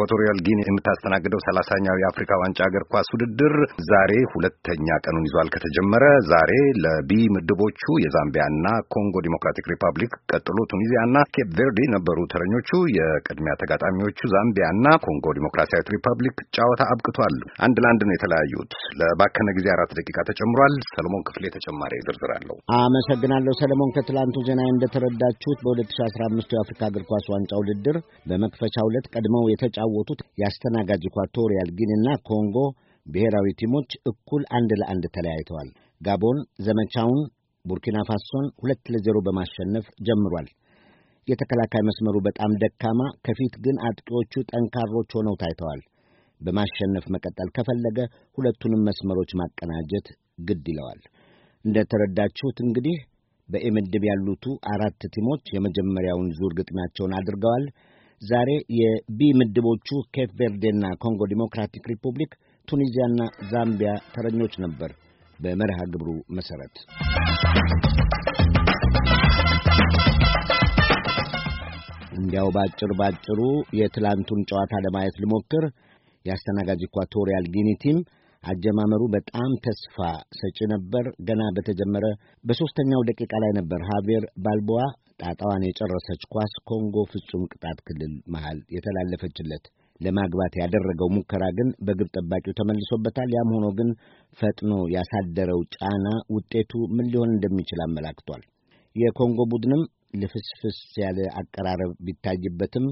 ኢኳቶሪያል ጊኒ የምታስተናግደው ሰላሳኛው የአፍሪካ ዋንጫ እግር ኳስ ውድድር ዛሬ ሁለተኛ ቀኑን ይዟል። ከተጀመረ ዛሬ ለቢ ምድቦቹ የዛምቢያና ኮንጎ ዲሞክራቲክ ሪፐብሊክ ቀጥሎ ቱኒዚያና ኬፕ ቬርዲ ነበሩ ተረኞቹ። የቅድሚያ ተጋጣሚዎቹ ዛምቢያና ኮንጎ ዲሞክራሲያዊት ሪፐብሊክ ጨዋታ አብቅቷል። አንድ ለአንድ ነው የተለያዩት። ለባከነ ጊዜ አራት ደቂቃ ተጨምሯል። ሰለሞን ክፍሌ ተጨማሪ ዝርዝር አለው። አመሰግናለሁ ሰለሞን። ከትላንቱ ዜና እንደተረዳችሁት በ2015 የአፍሪካ እግር ኳስ ዋንጫ ውድድር በመክፈቻ ሁለት ቀድመው የተጫ የተጫወቱት የአስተናጋጅ ኢኳቶሪያል ጊኒና ኮንጎ ብሔራዊ ቲሞች እኩል አንድ ለአንድ ተለያይተዋል። ጋቦን ዘመቻውን ቡርኪና ፋሶን ሁለት ለዜሮ በማሸነፍ ጀምሯል። የተከላካይ መስመሩ በጣም ደካማ፣ ከፊት ግን አጥቂዎቹ ጠንካሮች ሆነው ታይተዋል። በማሸነፍ መቀጠል ከፈለገ ሁለቱንም መስመሮች ማቀናጀት ግድ ይለዋል። እንደ ተረዳችሁት እንግዲህ በኤምድብ ያሉቱ አራት ቲሞች የመጀመሪያውን ዙር ግጥሚያቸውን አድርገዋል። ዛሬ የቢ ምድቦቹ ኬፕ ቬርዴና ኮንጎ ዲሞክራቲክ ሪፑብሊክ፣ ቱኒዚያና ዛምቢያ ተረኞች ነበር። በመርሃ ግብሩ መሠረት እንዲያው ባጭር ባጭሩ የትላንቱን ጨዋታ ለማየት ልሞክር። የአስተናጋጅ ኢኳቶሪያል ጊኒ ቲም አጀማመሩ በጣም ተስፋ ሰጪ ነበር። ገና በተጀመረ በሦስተኛው ደቂቃ ላይ ነበር ሃቬር ባልቦዋ ጣጣዋን የጨረሰች ኳስ ኮንጎ ፍጹም ቅጣት ክልል መሃል የተላለፈችለት። ለማግባት ያደረገው ሙከራ ግን በግብ ጠባቂው ተመልሶበታል። ያም ሆኖ ግን ፈጥኖ ያሳደረው ጫና ውጤቱ ምን ሊሆን እንደሚችል አመላክቷል። የኮንጎ ቡድንም ልፍስፍስ ያለ አቀራረብ ቢታይበትም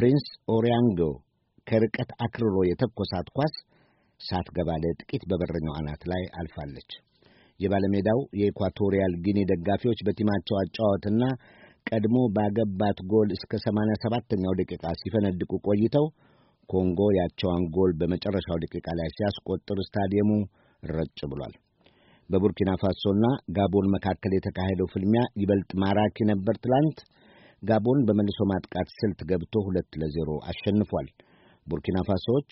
ፕሪንስ ኦሪያንጎ ከርቀት አክርሮ የተኮሳት ኳስ ሳትገባ ለጥቂት በበረኛው አናት ላይ አልፋለች። የባለሜዳው የኢኳቶሪያል ጊኒ ደጋፊዎች በቲማቸው አጫዋትና ቀድሞ ባገባት ጎል እስከ 87ኛው ደቂቃ ሲፈነድቁ ቆይተው ኮንጎ ያቸዋን ጎል በመጨረሻው ደቂቃ ላይ ሲያስቆጥር ስታዲየሙ ረጭ ብሏል። በቡርኪና ፋሶና ጋቦን መካከል የተካሄደው ፍልሚያ ይበልጥ ማራኪ ነበር። ትላንት ጋቦን በመልሶ ማጥቃት ስልት ገብቶ ሁለት ለዜሮ አሸንፏል። ቡርኪና ፋሶዎች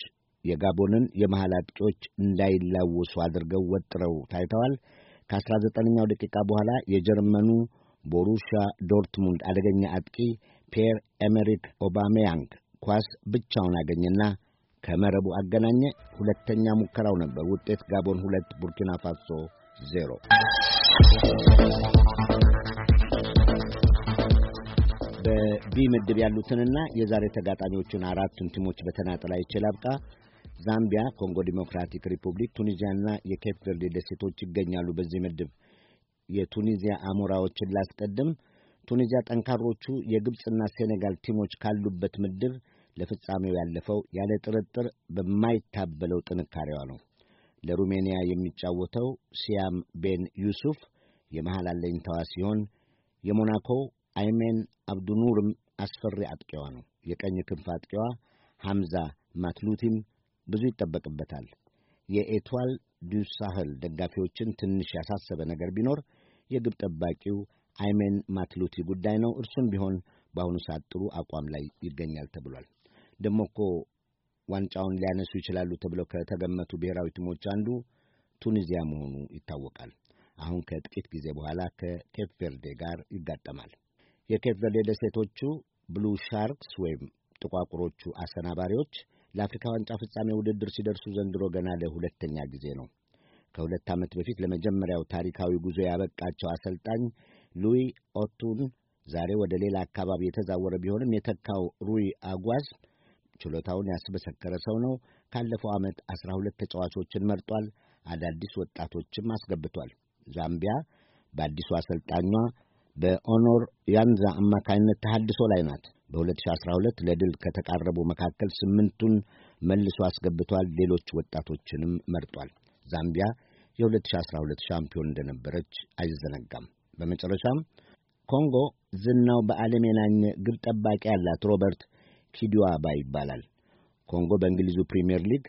የጋቦንን የመሃል አጥቂዎች እንዳይላወሱ አድርገው ወጥረው ታይተዋል። ከ19ኛው ደቂቃ በኋላ የጀርመኑ ቦሩሺያ ዶርትሙንድ አደገኛ አጥቂ ፔር ኤሜሪክ ኦባሜያንግ ኳስ ብቻውን አገኘና ከመረቡ አገናኘ። ሁለተኛ ሙከራው ነበር። ውጤት ጋቦን ሁለት ቡርኪና ፋሶ ዜሮ። በቢ ምድብ ያሉትንና የዛሬ ተጋጣሚዎቹን አራቱን ቲሞች በተናጠላ ይችል አብቃ ዛምቢያ፣ ኮንጎ ዲሞክራቲክ ሪፑብሊክ፣ ቱኒዚያና የኬፕ ቨርዴ ደሴቶች ይገኛሉ በዚህ ምድብ። የቱኒዚያ አሞራዎችን ላስቀድም። ቱኒዚያ ጠንካሮቹ የግብፅና ሴኔጋል ቲሞች ካሉበት ምድብ ለፍጻሜው ያለፈው ያለ ጥርጥር በማይታበለው ጥንካሬዋ ነው። ለሩሜኒያ የሚጫወተው ሲያም ቤን ዩሱፍ የመሃል አለኝታዋ ሲሆን የሞናኮው አይሜን አብዱኑርም አስፈሪ አጥቂዋ ነው። የቀኝ ክንፍ አጥቂዋ ሐምዛ ማትሉቲም ብዙ ይጠበቅበታል። የኤቷል ዱሳህል ደጋፊዎችን ትንሽ ያሳሰበ ነገር ቢኖር የግብ ጠባቂው አይሜን ማትሉቲ ጉዳይ ነው። እርሱም ቢሆን በአሁኑ ሰዓት ጥሩ አቋም ላይ ይገኛል ተብሏል። ደሞ እኮ ዋንጫውን ሊያነሱ ይችላሉ ተብለው ከተገመቱ ብሔራዊ ቲሞች አንዱ ቱኒዚያ መሆኑ ይታወቃል። አሁን ከጥቂት ጊዜ በኋላ ከኬፕ ቬርዴ ጋር ይጋጠማል። የኬፕ ቬርዴ ደሴቶቹ ብሉ ሻርክስ ወይም ጥቋቁሮቹ አሰናባሪዎች ለአፍሪካ ዋንጫ ፍጻሜ ውድድር ሲደርሱ ዘንድሮ ገና ለሁለተኛ ጊዜ ነው። ከሁለት ዓመት በፊት ለመጀመሪያው ታሪካዊ ጉዞ ያበቃቸው አሰልጣኝ ሉዊ ኦቱን ዛሬ ወደ ሌላ አካባቢ የተዛወረ ቢሆንም የተካው ሩይ አጓዝ ችሎታውን ያስበሰከረ ሰው ነው። ካለፈው ዓመት አስራ ሁለት ተጫዋቾችን መርጧል። አዳዲስ ወጣቶችም አስገብቷል። ዛምቢያ በአዲሱ አሰልጣኟ በኦኖር ያንዛ አማካኝነት ተሃድሶ ላይ ናት። በ2012 ለድል ከተቃረቡ መካከል ስምንቱን መልሶ አስገብቷል። ሌሎች ወጣቶችንም መርጧል። ዛምቢያ የ2012 ሻምፒዮን እንደነበረች አይዘነጋም። በመጨረሻም ኮንጎ ዝናው በዓለም የናኘ ግብ ጠባቂ ያላት ሮበርት ኪዲዋባ ይባላል። ኮንጎ በእንግሊዙ ፕሪምየር ሊግ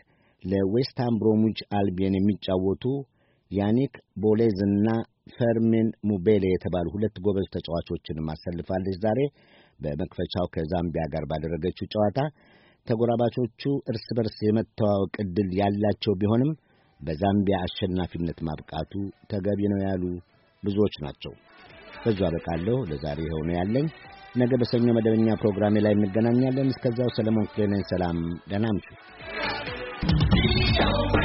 ለዌስትሃም ብሮሙች አልቢየን የሚጫወቱ ያኒክ ቦሌዝ ፈርሚን ሙቤሌ የተባሉ ሁለት ጎበዝ ተጫዋቾችን ማሰልፋለች። ዛሬ በመክፈቻው ከዛምቢያ ጋር ባደረገችው ጨዋታ ተጎራባቾቹ እርስ በርስ የመተዋወቅ ዕድል ያላቸው ቢሆንም በዛምቢያ አሸናፊነት ማብቃቱ ተገቢ ነው ያሉ ብዙዎች ናቸው። በዙ አበቃለሁ። ለዛሬ የሆነ ያለኝ ነገ በሰኞ መደበኛ ፕሮግራሜ ላይ እንገናኛለን። እስከዚያው ሰለሞን ክሌነን ሰላም፣ ደህና እምሹ።